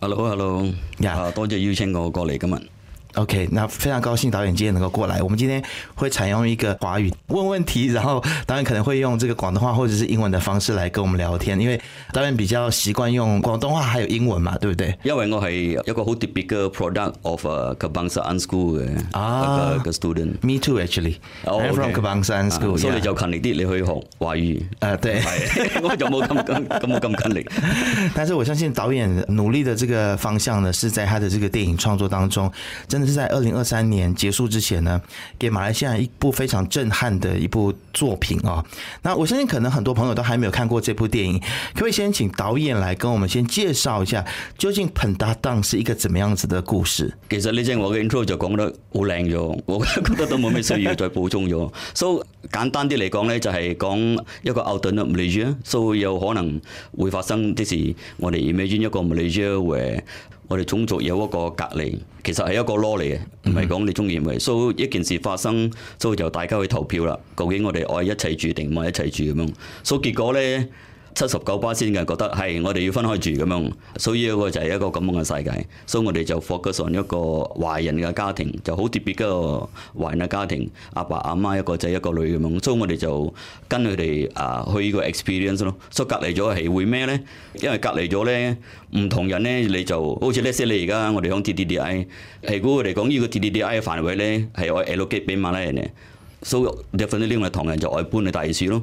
Hello, hello，啊多謝邀請我過嚟今日。OK，那非常高興導演今天能夠過來。我們今天會採用一個華語問問題，然後導演可能會用這個廣東話或者是英文的方式來跟我們聊天，因為導演比較習慣用廣東話還有英文嘛，對不對？因為我係一個好 typical product of Kebangsaan School 的啊 student。Me too actually. I'm from Kebangsaan School.、Uh, yeah. 所以就勤力啲，你可以學華語。啊、uh,，對， 我就冇咁咁咁咁勤力。 但是我相信導演努力的這個方向呢，是在他的這個電影創作當中但是在二零二三年結束之前呢，給馬來西亞一部非常震撼的一部作品啊！那我相信可能很多朋友都還沒有看過這部電影，可唔可以先請導演來跟我們先介紹一下，究竟《Pendatang》是一個怎麼樣子的故事？其實呢，我嘅 intro 就講得好靚咗，我覺得都冇咩需要再補充咗。所 以、so, 簡單啲嚟講呢，就係、是、講一個 alternate Malaysia，所以有可能會發生即事。我哋 imagine 一個 Malaysia where 我哋種族有一個隔離，其實係一個 law 嚟嘅，唔係講你中意唔中意。所以一件事發生，所以就大家去投票啦。究竟我哋愛一齊住定唔愛一齊住咁樣？所以結果呢。七十九巴仙嘅，覺得係我哋要分開住咁樣，所以嗰個就係一個咁樣嘅世界，所以我哋就 focus 咗上一個華人嘅家庭，就好特別嘅華人嘅家庭，阿爸阿媽一個仔一個女咁樣，所以我哋就跟佢哋啊去呢個 experience 咯，所以隔離咗係會咩咧？因為隔離咗咧唔同人咧，你就好似 let's say 你而家我哋講 D D D I，係估佢哋講依個 D D D I 嘅範圍咧係愛 L G 比萬多人嘅，所以 definitely 呢個唐人就愛搬去第二度咯。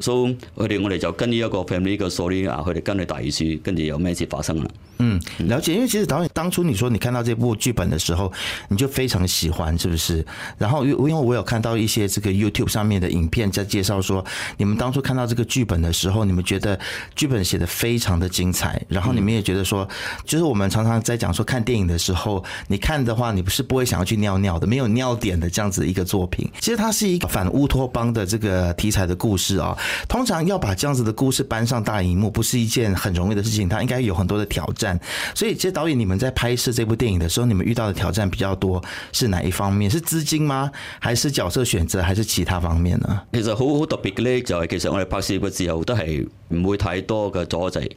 所以佢哋我哋就跟你一個 family 嘅 story 啊，佢哋跟你大樹，跟住有咩事發生、啊、嗯，了解。因為其實導演當初你說你看到這部劇本的時候，你就非常喜歡，是不是？然後因因為我有看到一些這個 YouTube 上面的影片，在介紹說，你們當初看到這個劇本的時候，你們覺得劇本寫得非常的精彩。然後你們也覺得說，嗯、就是我們常常在講，說看電影的時候，你看的話，你不是不會想要去尿尿的，沒有尿點的這樣子一個作品。其實它是一個反烏托邦的這個題材的故事啊、哦。通常要把這樣子的故事搬上大熒幕，不是一件很容易的事情，它應該有很多的挑戰。所以，其實導演你們在拍攝這部電影的時候，你們遇到的挑戰比較多是哪一方面？是資金嗎？還是角色選擇？還是其他方面呢？其實好特別嘅呢，就係其實我哋拍攝嘅時候都係唔會太多嘅阻滯，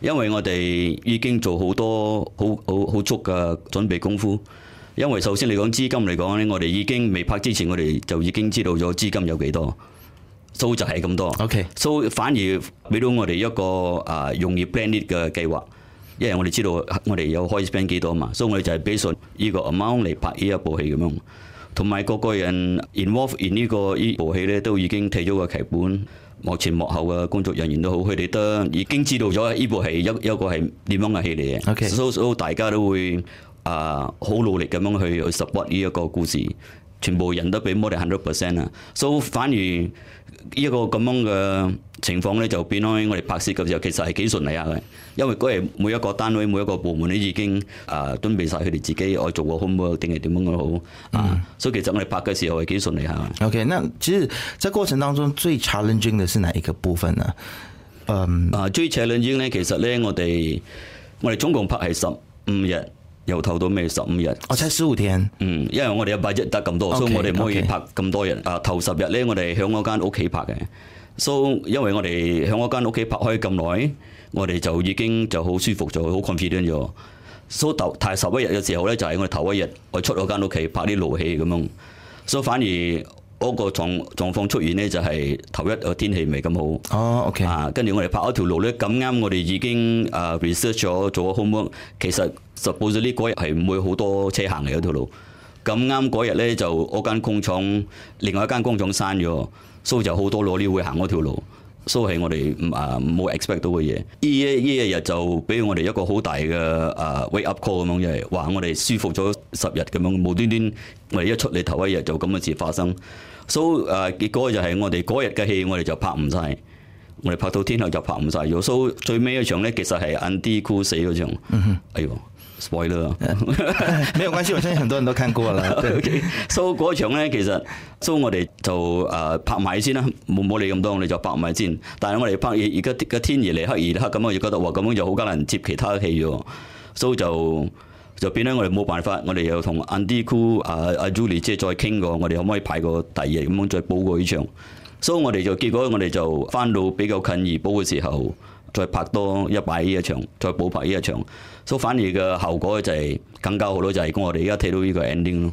因為我哋已經做好多好好好足嘅準備功夫。因為首先嚟講，資金嚟講呢，我哋已經未拍之前，我哋就已經知道咗資金有幾多。收就係咁多，so 反而俾到我哋一個啊容易 plan 啲嘅計劃，因為我哋知道我哋有可以 plan 幾多嘛，所以就係 base 依個 amount 嚟拍依一部戲咁樣。同埋個個人 involve in 呢個依部戲咧，都已經睇咗個劇本，幕前幕後嘅工作人員都好，佢哋都已經知道咗依部戲一一個係點樣嘅戲嚟嘅，所以大家都會啊好努力咁樣去 support 依一個故事，全部人都俾 more than hundred percent 啊，所以反而。依一個咁樣嘅情況咧，就變咗我哋拍攝嘅時候，其實係幾順利下嘅，因為佢係每一個單位、每一個部門都已經啊、呃、準備晒佢哋自己愛做個 homework，好唔好定係點樣嘅好啊，所以其實我哋拍嘅時候係幾順利下。OK，那其實喺過程當中最 challenging 嘅是哪一個部分呢、um, 啊？嗯，啊最 challenging 咧，其實咧我哋我哋總共拍係十五日。由頭到尾十五日？我七十五天。嗯，因為我哋一 budget 得咁多，okay, 所以我哋唔可以拍咁多日。Okay. 啊，頭十日咧，我哋響嗰間屋企拍嘅。所以因為我哋響嗰間屋企拍開咁耐，我哋就已經就好舒服就好 confident 咗。所以頭第十一日嘅時候咧，就係、是、我哋頭一日我出嗰間屋企拍啲路戲咁樣，所以反而。嗰、那個狀狀況出現呢，就係、是、頭一日天氣未咁好。哦、oh,，OK。啊，跟住我哋拍一條路咧，咁啱我哋已經啊、uh, research 咗做 homework。其實 supposedly 呢嗰日係唔會好多車行嚟嗰條路。咁啱嗰日咧就嗰間工廠，另外一間工廠閂咗，所以就好多 lorry 會行嗰條路。所以係我哋啊冇 expect 到嘅嘢。呢一依一日就俾我哋一個好大嘅啊 wake up call 咁樣，就係話我哋舒服咗十日咁樣，無端端我哋一出嚟頭一日就咁嘅事發生。蘇、so, 誒、uh, 結果就係我哋嗰日嘅戲我哋就拍唔晒，我哋拍到天后就拍唔晒。若、so, 蘇最尾一場咧，其實係 end close 嗰場，嗯、哎喎，spoiler，沒有關係，我相信很多人都看過了。蘇嗰場咧，其實蘇、so, 我哋就誒、uh, 拍埋先啦，冇冇理咁多，我哋就拍埋先。但係我哋拍而黑而家個天越嚟黑越黑咁，我就覺得話咁樣就好艱難接其他戲咗，蘇、so, 就。就變咧，我哋冇辦法，我哋又同 Andy Cool 啊、uh, 啊 Julie 即係再傾過，我哋可唔可以排個第二日咁樣再補過呢場？所、so, 以我哋就結果我哋就翻到比較近而補嘅時候，再拍多一擺呢一場，再補拍呢一場，所、so, 以反而嘅效果就係更加好多，就係、是、我哋而家睇到呢個 ending 咯。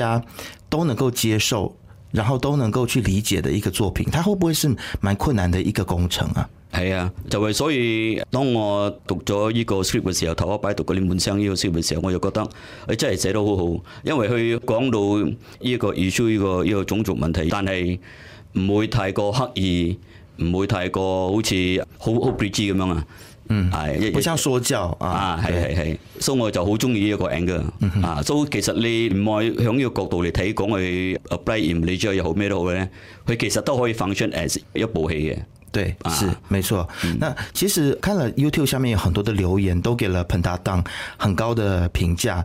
家都能夠接受，然後都能夠去理解的一個作品，它會不會是蠻困難的一個工程啊？係啊，就係、是、所以當我讀咗呢個 script 嘅時候，頭一擺讀嗰啲滿聲呢個 script 嘅時候，我就覺得佢真係寫得好好，因為佢講到呢一個、issue 呢個、呢個種族問題，但係唔會太過刻意，唔會太過好似好好別致咁樣啊。嗯，係，亦不像說教啊，係係係，所以我就好中意呢個影噶，啊，所以其實你唔愛響呢個角度嚟睇講佢，Abraham，你再又好咩都好咧，佢其實都可以 function as 一部戲嘅。對，是，沒錯。那其實看了 YouTube 下面有很多的留言，都給了 PENDATANG 很高的評價。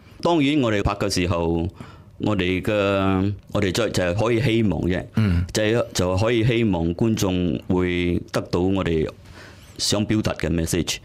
當然我哋拍嘅時候，我哋嘅我哋再就係可以希望啫，就、嗯、就可以希望觀眾會得到我哋想表達嘅 message。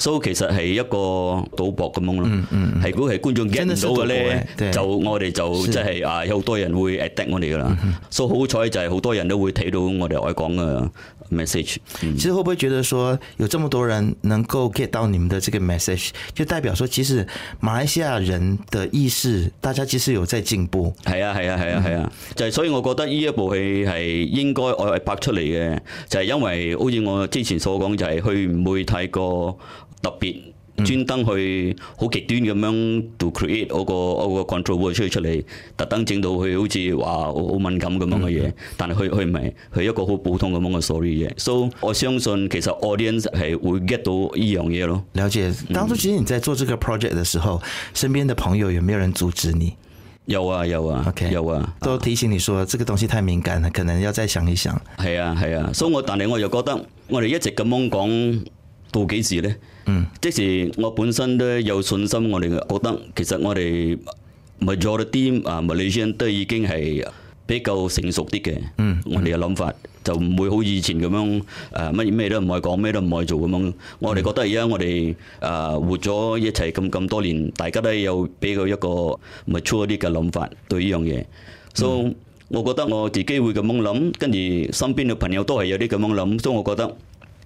所、so, 以其實係一個賭博咁樣咯，係、嗯嗯、如果係觀眾 get 到咧，就我哋就即係啊有好多人會 attack 我哋噶啦。So，好彩就係好多人都會睇到我哋愛講嘅。message，嗯、其實會不會覺得說有這麼多人能夠 get 到你們的這個 message，就代表說其實馬來西亞人的意識，大家其實有在進步。係啊係啊係啊係啊，啊啊啊嗯、就係、是、所以我覺得呢一部戲係應該愛拍出嚟嘅。就係、是、因為好似我之前所講，就係佢唔會太過特別。專登去好極端咁樣 to create 嗰個 control board 出嚟，特登整到佢好似話好敏感咁樣嘅嘢、嗯嗯，但係佢佢唔係係一個好普通咁樣嘅 story 嘢，所以我相信其實 audience 係會 get 到依樣嘢咯。了解，當初其實你在做這個 project 嘅時候，身邊的朋友有冇人阻止你？有啊有啊，OK 有啊，都提醒你說、啊、這個東西太敏感了，可能要再想一想。係啊係啊，啊，所以我但係我又覺得我哋一直咁樣講。到幾時咧？即係我本身都有信心，我哋覺得其實我哋 majority 啊，Malaysian 都已經係比較成熟啲嘅。我哋嘅諗法就唔會好以前咁樣誒，乜嘢咩都唔可以講，咩都唔可以做咁樣。我哋覺得而家我哋誒活咗一齊咁咁多年，大家都有比較一個 mature 一啲嘅諗法對呢樣嘢。所以，我覺得我自己會咁樣諗，跟住身邊嘅朋友都係有啲咁樣諗。所以，我覺得。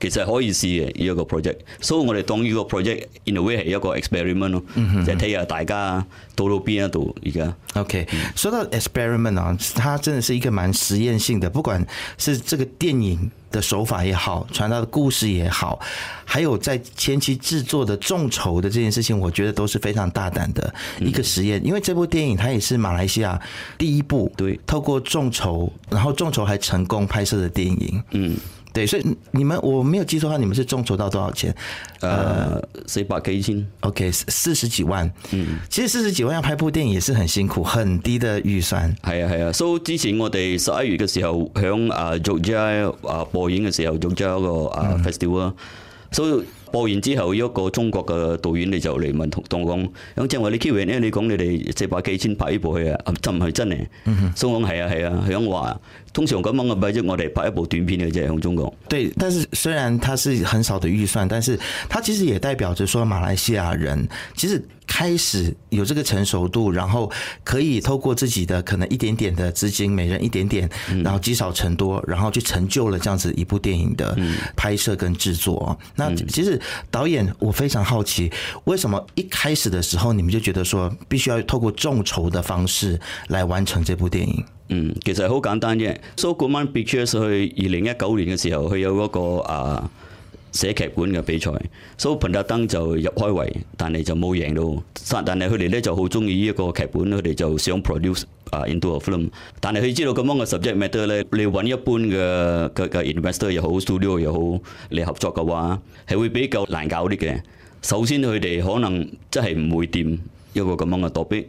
其實可以試嘅一個 project，所以我哋當呢個 project in a way 係一個 experiment 咯，就睇下大家到到邊一度而家。OK，說、嗯、到 experiment 啊，它真的是一個蠻實驗性的，不管是這個電影的手法也好，傳達的故事也好，還有在前期製作的眾籌的這件事情，我覺得都是非常大膽的一個實驗，嗯、因為這部電影它也是馬來西亞第一部對透過眾籌，然後眾籌還成功拍攝的電影。嗯。對，所以你們我沒有記錯話，你們是眾籌到多少錢？呃，呃四百幾千？O、okay, K，四十幾萬。嗯，其實四十幾萬要拍部電影也是很辛苦，很低的預算。係啊係啊，So，之前我哋十一月嘅時候響啊，做咗啊，播完嘅時，時，時，時候，做咗一個啊，festival 啊，So 播完之後，一個中國嘅導演就你就嚟問同我講，咁正話你 cue 完咧，你講你哋四百幾千拍呢部戲啊，真唔係真咧？嗯哼，所以講係啊係啊，想話、啊。通常咁樣我哋拍一部短片嘅就係中國。對，但是雖然它是很少的預算，但是它其實也代表着說，馬來西亞人其實開始有這個成熟度，然後可以透過自己的可能一點點的資金，每人一點點，然後積少成多，然後去成就了這樣子一部電影的拍攝跟製作。那其實導演，我非常好奇，為什麼一開始的時候你們就覺得說，必須要透過眾籌的方式來完成這部電影？嗯，其實好簡單啫。SoKuman Pictures 去二零一九年嘅時候，佢有嗰個啊寫劇本嘅比賽。SoPendatang 就入開圍，但係就冇贏到。但係佢哋咧就好中意呢一個劇本，佢哋就想 produce 啊 into a film。但係佢知道咁樣嘅 subject matter 咧，你揾一般嘅嘅嘅 investor 又好 studio 又好，你合作嘅話，係會比較難搞啲嘅。首先佢哋可能真係唔會掂一個咁樣嘅 topic，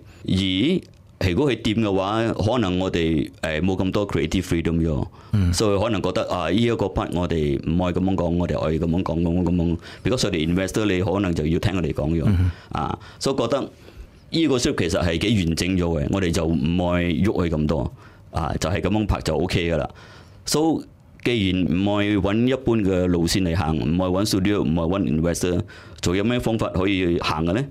而如果佢掂嘅話，可能我哋誒冇咁多 creative freedom 咗，所以可能覺得啊，呢一個 part 我哋唔愛咁樣講，我哋愛咁樣講，咁樣咁樣。如果我哋 investor 你可能就要聽我哋講咗啊，所以覺得呢個 script 其實係幾完整咗嘅，我哋就唔愛喐佢咁多啊，就係咁樣拍就 OK 噶啦。所以既然唔愛揾一般嘅路線嚟行，唔愛揾 studio，唔愛揾 investor，仲有咩方法可以行嘅咧？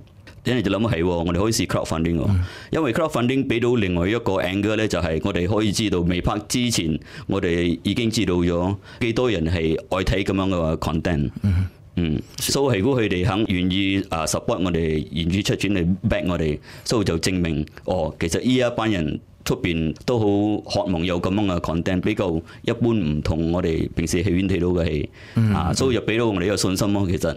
一係就諗起喎，我哋開始 crowd funding 啲，因為 crowd funding 俾到另外一個 angle 咧，就係我哋可以知道未拍之前，我哋已經知道咗幾多人係愛睇咁樣嘅 content，mm。-hmm. 嗯，嗯所以佢哋肯願意啊 support 我哋，願意出錢嚟 back 我哋所以就證明哦，其實呢一班人出邊都好渴望有咁樣嘅 content，比較一般唔同我哋平時戲院睇到嘅戲，mm -hmm. 啊所以就俾到我哋一個信心咯，其實。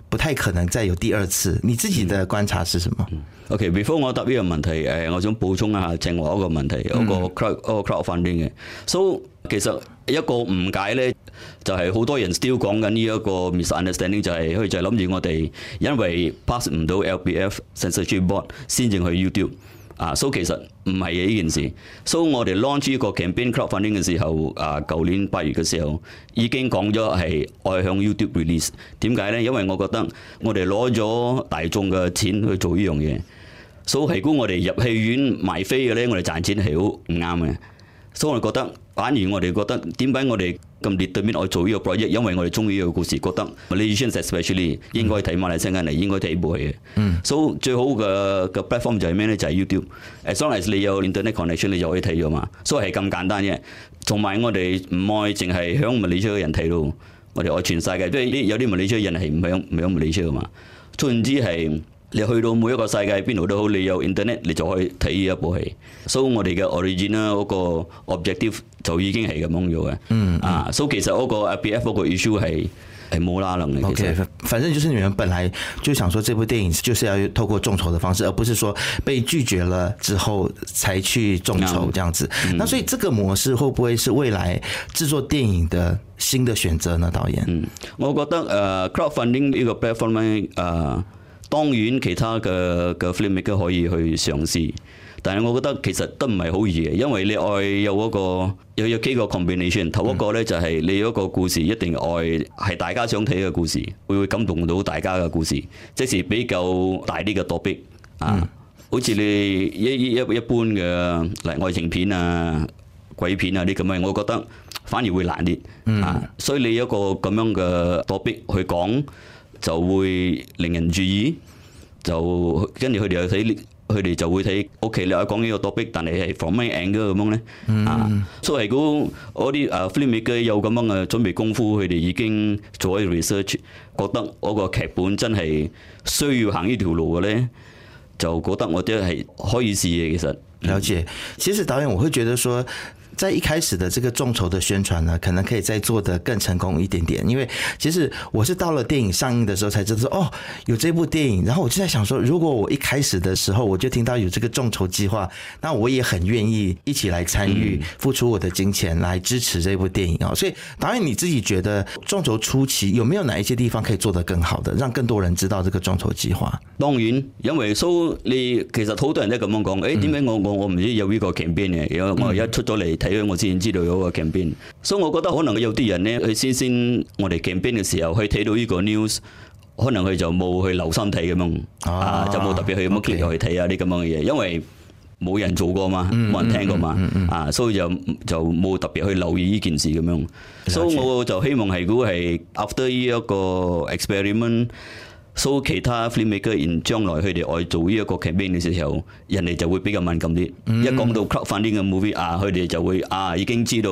不太可能再有第二次，你自己的觀察是什麼？OK，before、okay, 呃、我答呢個問題，誒，我想補充一下正話一個問題，一個 crowd，一個 crowdfunding 嘅。So 其實一個誤解咧，就係、是、好多人 still 講緊呢一個 misunderstanding，就係佢就諗住我哋因為 pass 唔到 LBF censorship board，先至去 YouTube。啊，So 其實唔係嘅呢件事，So 我哋 launch 呢個 campaign crowdfunding 嘅時候，啊，舊年八月嘅時候已經講咗係愛向 YouTube release。點解呢？因為我覺得我哋攞咗大眾嘅錢去做呢樣嘢，So，係估我哋入戲院賣飛嘅呢，我哋賺錢係好唔啱嘅。所、so, 以我哋覺得，反而我哋覺得點解我哋咁熱衷面，我做呢個 project？因為我哋中意呢個故事，覺得 Malaysian especially 應該睇馬來西亞嘅、mm.，應該睇部戲嘅。所、mm. 以、so, 最好嘅嘅 platform 就係咩咧？就係、是、YouTube。As long as 你有 internet connection，你就可以睇咗嘛。所以係咁簡單嘅。同埋我哋唔愛淨係響 Malaysian 人睇咯，我哋愛全世界。即係啲有啲 Malaysian 人係唔響唔響 Malaysian 嘛。總之係。你去到每一個世界邊度都好，你有 internet，你就可以睇呢一部戲。所、so, 以我哋嘅 original 啦，嗰個 objective 就已經係咁樣咗嘅。嗯啊，所、uh, 以、so, 其實嗰個 B F 嗰個 issue 係係冇啦能嘅。O、okay, K，反正就是你們本來就想說，這部電影就是要透過眾籌的方式，而不是說被拒絕了之後才去眾籌，這樣子。嗯、那所以，這個模式會不會是未來製作電影的新的選擇呢？導演，嗯，我覺得誒、uh,，crowdfunding 呢個 platform 誒。當然，其他嘅嘅 filmmaker 都可以去嘗試，但係我覺得其實都唔係好易嘅，因為你愛有嗰個，有有幾個 combination。頭一個呢就係、是、你一個故事一定愛係大家想睇嘅故事，會會感動到大家嘅故事，即是比較大啲嘅躲避啊。好似你一一一般嘅，例如愛情片啊、鬼片啊啲咁嘅，我覺得反而會難啲啊。所以你一個咁樣嘅躲避去講。就會令人注意，就跟住佢哋睇，佢哋就會睇屋企。OK, 你喺講呢個題目，但係係 from my angle 咁咧？啊，所以係嗰嗰啲 m i 美嘅有咁樣嘅準備功夫，佢哋已經做咗啲 research，覺得我個劇本真係需要行呢條路嘅咧，就覺得我真係可以試嘅。其實有、嗯、了解，其實導演我會覺得說。在一開始的這個眾籌的宣傳呢，可能可以再做的更成功一點點。因為其實我是到了電影上映的時候，才知道說哦，有這部電影。然後我就在想說，如果我一開始的時候我就聽到有這個眾籌計劃，那我也很願意一起來參與，付出我的金錢來支持這部電影啊、嗯。所以導演你自己覺得眾籌初期有沒有哪一些地方可以做得更好的，讓更多人知道這個眾籌計劃？當然，因為說你其實好多人都咁樣講，誒、欸，點解我我我唔知有呢個 campaign 我一出咗嚟睇我之前知道咗個 campaign，所以我覺得可能有啲人咧，佢先先我哋 campaign 嘅時候，去睇到呢個 news，可能佢就冇去留心睇咁樣，啊，就冇特別去乜嘢去睇下啲咁樣嘅嘢，因為冇人做過嘛，冇人聽過嘛，啊，所以就就冇特別去留意呢件事咁樣。所以我就希望係嗰個係 after 呢一個 experiment。所、so, 以其他 filmmaker，in 將來佢哋愛做呢一個 campaign 嘅時候，人哋就會比較敏感啲。Mm. 一講到 crowdfunding 嘅 movie，啊，佢哋就會啊，已經知道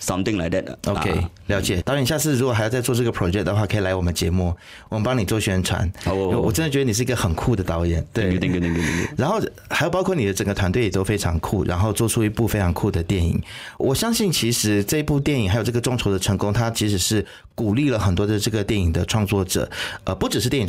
something like that okay，啊。OK，了解。導演，下次如果還要再做呢個 project 嘅話，可以嚟我們節目，我們幫你做宣傳。好、oh, oh，oh. 我真的覺得你是一個很酷嘅導演，對。Thank you, thank you, thank you. 然後，還有包括你嘅整個團隊也都非常酷，然後做出一部非常酷嘅電影。我相信其實呢部電影，還有這個眾籌嘅成功，它其實是鼓勵了很多的這個電影嘅創作者，呃，不只是電影。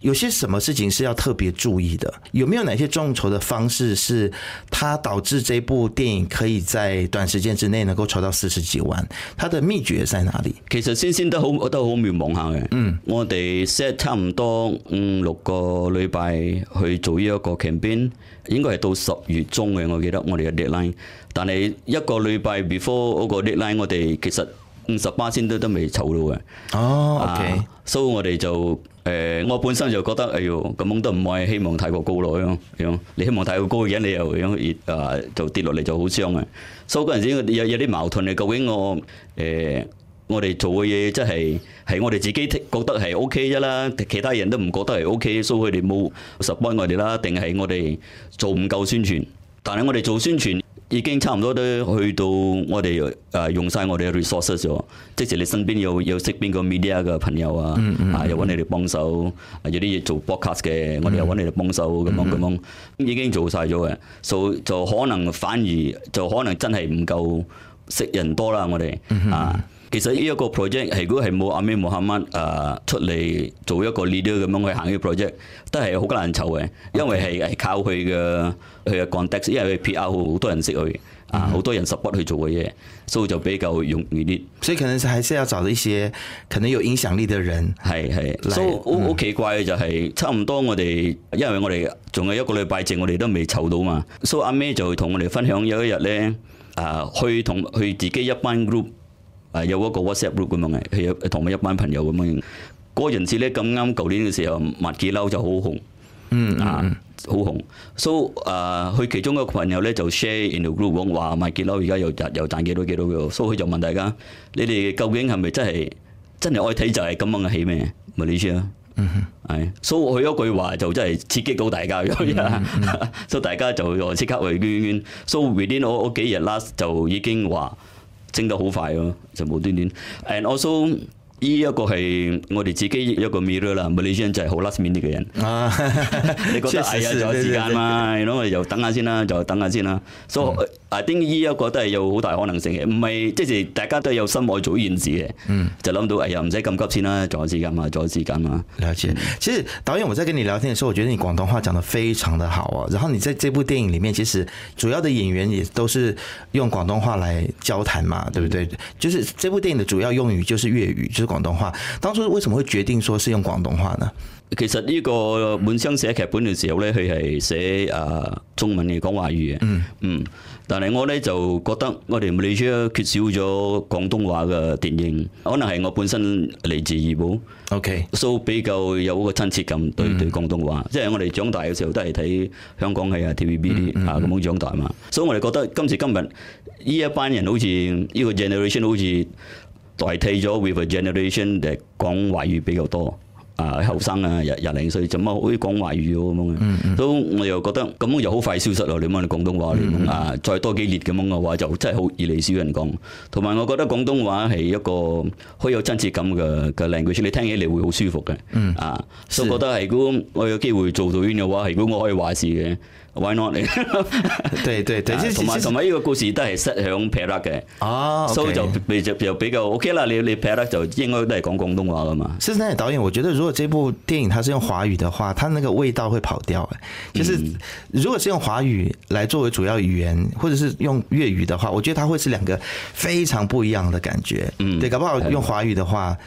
有些什麼事情是要特別注意的？有沒有哪些眾籌的方式是它導致這部電影可以在短時間之內能夠籌到四十幾萬？它的秘訣在哪裡？其實先先都好我都好渺茫下嘅，嗯，我哋 set 差唔多五六個禮拜去做呢一個 campaign，應該係到十月中嘅，我記得我哋嘅 deadline，但係一個禮拜 before 嗰個 deadline，我哋其實。五十八千都都未湊到嘅。哦，OK，所以我哋就誒，我本身就覺得哎喲咁都唔係，希望太過高咯，咁你希望太過高嘅，你又咁而啊，就跌落嚟就好傷啊。所以嗰陣時有有啲矛盾嘅，究竟我誒，我哋做嘅嘢即係，係我哋自己覺得係 O K 啫啦，其他人都唔覺得係 O K，所以佢哋冇 support 我哋啦，定係我哋做唔夠宣傳？但係我哋做宣傳。已經差唔多都去到我哋誒、啊、用晒我哋嘅 resources 咗，即使你身邊有有識邊個 media 嘅朋友啊，mm -hmm. 啊又揾你哋幫手，有啲嘢、啊、做 broadcast 嘅，我哋又揾你哋幫手咁樣咁樣，已經做晒咗嘅，就、mm -hmm. so, 就可能反而就可能真係唔夠識人多啦，我哋、mm -hmm. 啊。其實呢一個 project，如果係冇阿 May 冇罕乜誒出嚟做一個 leader 咁樣去行呢個 project，都係好難籌嘅，因為係靠佢嘅佢嘅 context，因為佢 PR 好多人識佢，啊好多人實筆去做嘅嘢，所以就比較容易啲。所以可能還是要找一些可能有影響力嘅人。係係，所以好好奇怪嘅就係、是、差唔多我哋，因為我哋仲有一個禮拜剩，我哋都未籌到嘛。所以阿 May 就同我哋分享有一日咧，誒去同去自己一班 group。啊，有一個 WhatsApp group 咁樣嘅，佢同埋一班朋友咁樣。嗰陣時咧咁啱舊年嘅時候，麥記樓就好紅，嗯、mm -hmm. 啊，好紅。so 啊，佢其中一個朋友咧就 share in the group 講話麥記樓而家又又賺幾多幾多嘅，所以佢就問大家：你哋究竟係咪真係真係愛睇就係咁樣嘅戲咩？咪呢意思啊，係、mm -hmm.so 佢一句話就真係刺激到大家咗、mm -hmm. ，so 大家就即刻去圈圈。so within 我幾日 last days, 就已經話。升得好快咯，就無端端，And also。呢、這、一個係我哋自己一個 mirror 啦，Malaysian 就係好 last minute 嘅人。啊、 你覺得係啊？仲有、哎、時間嘛，咁我哋又等下先啦、啊，就等下先啦。所以啊，I think 呢一個都係有好大可能性嘅，唔係即係大家都有心愛做呢件事嘅，就諗到哎呀唔使咁急先啦、啊，仲有時間嘛，仲有時間嘛。了解。其實導演，我在跟你聊天嘅時候，我覺得你廣東話講得非常的好啊。然後你喺這部電影裡面，其實主要的演員也都是用廣東話嚟交談嘛，對唔對？就是這部電影的主要用語就是粵語，就是廣東話，當初為什麼會決定說是用廣東話呢？其實呢個本身寫劇本嘅時候呢佢係寫誒中文嘅講話語嘅，嗯嗯。但係我呢，就覺得，我哋馬來西亞缺少咗廣東話嘅電影，可能係我本身嚟自怡保，OK，所以比較有一個親切感對對廣東話。嗯、即係我哋長大嘅時候都係睇香港戲啊 TVB 啲、嗯、啊咁樣長大嘛，嗯、所以我哋覺得今時今日呢一班人好似呢、這個 generation 好似。代替咗 with a generation 嚟講華語比較多，啊後生啊廿零歲，怎麼可以講華語咁樣？嗯，所以我又覺得咁樣又好快消失咯。你問你廣東話，啊再多幾年咁樣嘅話就真係好異地少人講。同埋我覺得廣東話係一個好有親切感嘅嘅 language，你聽起嚟會好舒服嘅。啊、uh, mm-hmm. 所以覺得係如果我有機會做導演嘅話，如果我可以話事嘅。Why not 你？ 對對對，同埋同埋呢個故事都係 set 喺 p e t a r 嘅，所以就比較比較 OK 啦。你你 p e t a r 就應該都係講廣東話了嘛。事實上，導演，我覺得如果這部電影它是用華語的話，它那個味道會跑掉。誒，其實如果是用華語來作為主要語言，或者是用粵語的話，我覺得它會是兩個非常不一樣的感覺。嗯，對，搞不好用華語的話。嗯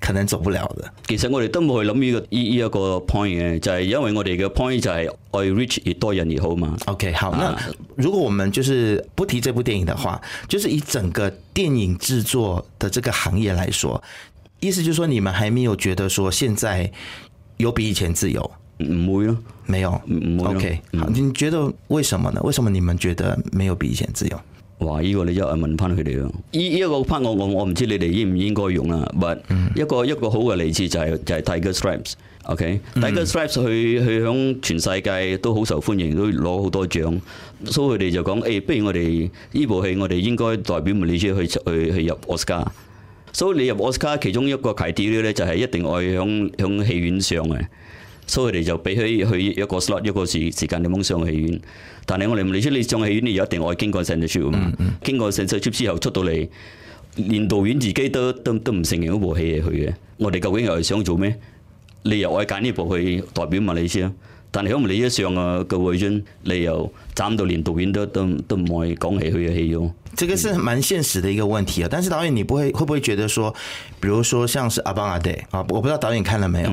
可能走不了的。其實我哋都冇去諗呢個呢一個 point 就係、是、因為我哋嘅 point 就係 i reach 越多人越好嘛。OK，好、啊。那如果我們就是不提這部電影的話，就是以整個電影製作的這個行業來說，意思就是說你們還沒有覺得說現在有比以前自由？唔會咯、啊，沒有。啊、OK，好、嗯、你覺得為什麼呢？為什麼你們覺得沒有比以前自由？話依、這個一又問翻佢哋，依、這、依個翻我我我唔知你哋應唔應該用啦。b 一個、mm. 一個好嘅例子就係、是、就 g e r s t r a p s，OK，《t i g e r s t r a p s 佢佢響全世界都好受歡迎，都攞好多獎。所以佢哋就講，誒、欸，不如我哋呢部戲我哋應該代表美里堅去去去入 c a r 所以、so, 你入 Oscar，其中一個啟點咧，就係一定愛響響戲院上嘅。所以佢哋就俾佢去一個 slot 一個時時間，你蒙上戲院。但係我哋唔理出嚟上戲院，你又一定愛經過成日出啊，經過成日出之後出到嚟，連導演自己都都都唔承認嗰部戲係佢嘅。我哋究竟又係想做咩？你又愛揀呢部去代表問你意思，但係響唔理一上啊嘅個位，你又斬到連導演都都都唔愛講起佢嘅戲咗。這個是蠻現實的一個問題啊！但是導演，你不會會唔會覺得說，比如說像是《阿邦阿迪》我不知道導演看了沒有。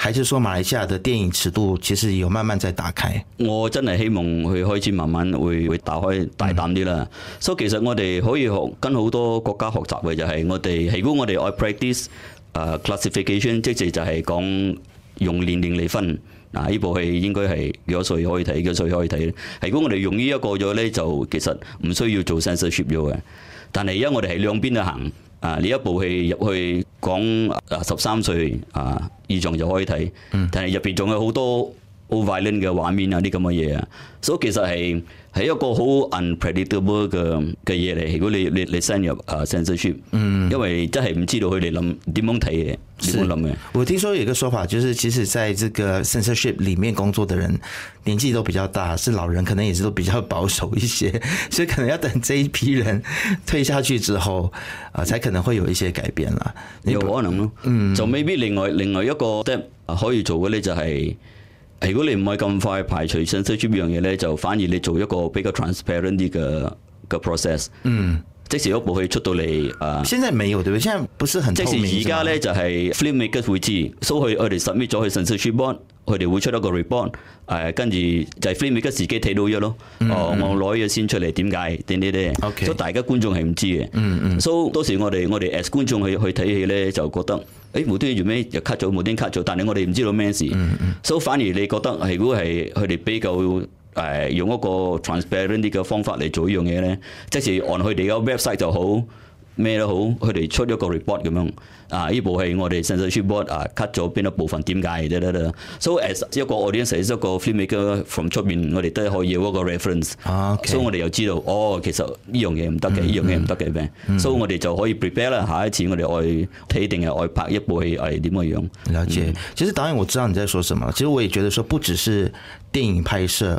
還是說馬來西亞的電影尺度其實有慢慢在打開，我真係希望佢開始慢慢會會打開大膽啲啦。所以其實我哋可以學跟好多國家學習嘅，就係我哋如果我哋愛 practice，classification，即係就係講用年齡嚟分。嗱呢部戲應該係幾多歲可以睇，幾多歲可以睇。如果我哋、啊、用呢一、啊、個咗咧，就其實唔需要做 censorship 噶。但係而家我哋喺兩邊去行。啊！呢一部戲入去講啊十三歲啊以上就可以睇、嗯，但係入邊仲有好多 violence 嘅畫面啊啲咁嘅嘢啊，所以、so, 其實係。係一個好 unpredictable 嘅嘅嘢嚟，如果你你你 send 入啊 censorship，嗯，因為真係唔知道佢哋諗點樣睇嘢，點樣諗嘅。我聽說有一個說法，就是其實在這個 censorship 裡面工作嘅人，年紀都比較大，是老人，可能也是都比較保守一些，所以可能要等這一批人退下去之後，啊，才可能會有一些改變啦。有可能囉，嗯，就未必另外另外一個可以做嘅咧就係、是。如果你唔係咁快排除 censorship 呢樣嘢咧，就反而你做一個比較 transparent 啲嘅嘅 process。嗯。即時一部戲出到嚟，啊、呃。現在沒有，對唔對？現在不是很。即係而家咧就係、是、film makers 會知、嗯，所以我哋 submit 咗佢 censorship board 佢哋會出一個 report、呃、跟住就 film makers 自己睇到咗咯。嗯嗯哦、我攞咗先出嚟，點解？點點點？O K。所以大家觀眾係唔知嘅。嗯嗯。所以到時我哋我哋 as 觀眾去去睇戲咧，就覺得。誒冇端端做咩又 cut 咗冇端端 cut 咗，但係我哋唔知道咩事，所、嗯、以、嗯 So, 反而你覺得係如果係佢哋比較誒、呃、用一個 transparent 啲嘅方法嚟做呢樣嘢咧，即是按佢哋個 website 就好咩都好，佢哋出咗個 report 咁樣。啊！呢部係我哋 censorship board 啊，cut 咗邊一部，啊、部分點解嘅得啦啦。所以、so, as 一個 audience，或者一個 filmmaker from 出面我哋都可以有嗰個 reference。所以我哋又知道，哦，其實呢樣嘢唔得嘅，呢樣嘢唔得嘅咩？所以、嗯 so, 我哋就可以 prepare 啦。下一次我哋愛睇定係愛拍一部戲係點樣用？了解、嗯。其實導演，我知道你在講什麼。其實我也覺得，說不只是電影拍攝。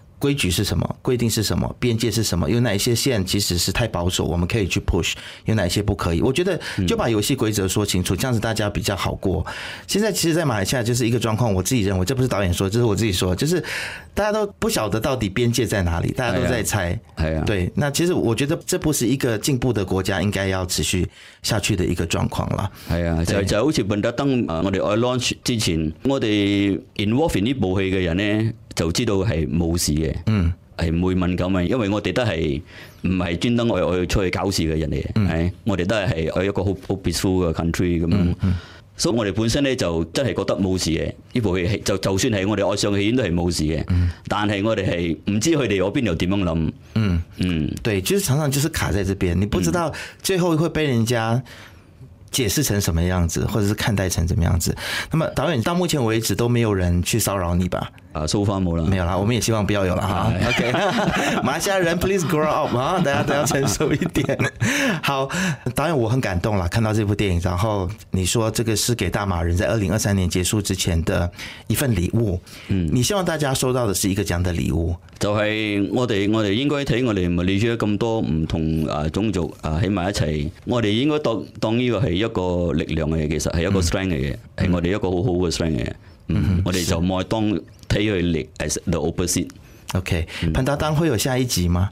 規矩是什麼？規定是什麼？邊界是什麼？有哪一些線其實是太保守，我們可以去 push？有哪一些不可以？我覺得就把遊戲規則說清楚，這樣子大家比較好過。現在其實，在馬來西亞就是一個狀況，我自己認為，這不是導演說，這是我自己說，就是大家都不曉得到底邊界在哪裏，大家都在猜。哎、對、哎。那其實我覺得這不是一個進步的國家應該要持續下去的一個狀況啦。係啊，就就好似 Pendatang，我哋 launch 之前，我哋 involving 呢部戲嘅人咧。就知道係冇事嘅，係、嗯、唔會敏感嘅，因為我哋都係唔係專登愛愛出去搞事嘅人嚟，係、嗯、我哋都係係一個好好 beautiful 嘅 country 咁、嗯嗯，所以我哋本身咧就真係覺得冇事嘅。呢部戲就就算係我哋愛上戲院都係冇事嘅、嗯，但係我哋係唔知佢哋嗰邊又點樣諗。嗯嗯，對，就是常常就是卡在這邊，你不知道最後會被人家解釋成什麼樣子，嗯、或者是看待成怎麼樣子。咁麼，導演到目前為止都沒有人去騷擾你吧？啊！So far 冇啦，沒有啦，我們也希望不要有了哈。OK， 馬來西亞人 please grow up 啊， 大家都要成熟一點。好，導演我很感動啦，看到這部電影，然後你說這個是給大馬人在二零二三年結束之前的一份禮物。嗯，你希望大家收到的是一個怎樣的禮物？就係、是、我哋我哋應該睇我哋咪嚟咗咁多唔同啊種族啊喺埋一齊，我哋應該當當呢個係一個力量嘅，嘢、嗯，其實係一個 strength 嘅，係、嗯、我哋一個好好嘅 strength 嘅。嗯，嗯我哋就賣當 p a 佢力 as the opposite okay,、嗯。OK，Pendatang 會有下一集嗎？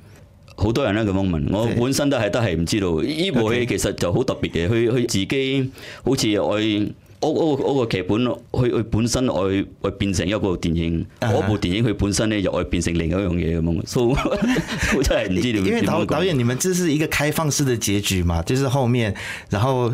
好多人咧咁問，我本身都係都係唔知道。呢部戲其實就好特別嘅，佢、okay. 佢自己好似愛，嗰嗰嗰個劇本，佢佢本身愛愛變成一電、uh -huh. 部電影，嗰部電影佢本身咧又愛變成另一樣嘢咁樣，uh -huh. 所以真係唔知。 因為導導演，你們這是一個開放式的結局嘛？就是後面，然後。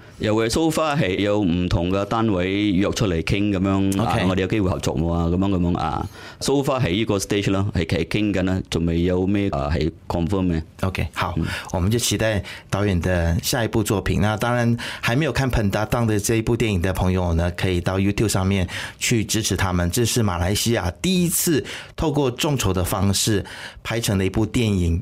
又會 Sofa 係有唔同嘅單位約出嚟傾咁樣，okay。啊，我哋有機會合作冇啊？咁樣咁樣啊，Sofa 喺呢個 stage 咯，係傾緊啦，仲未有咩啊？係 confirm 嘅。OK，好、嗯，我們就期待導演嘅下一部作品。那當然，還沒有看 Pendatang 嘅這一部電影嘅朋友呢，可以到 YouTube 上面去支持他們。這是馬來西亞第一次透過眾籌嘅方式拍成的一部電影。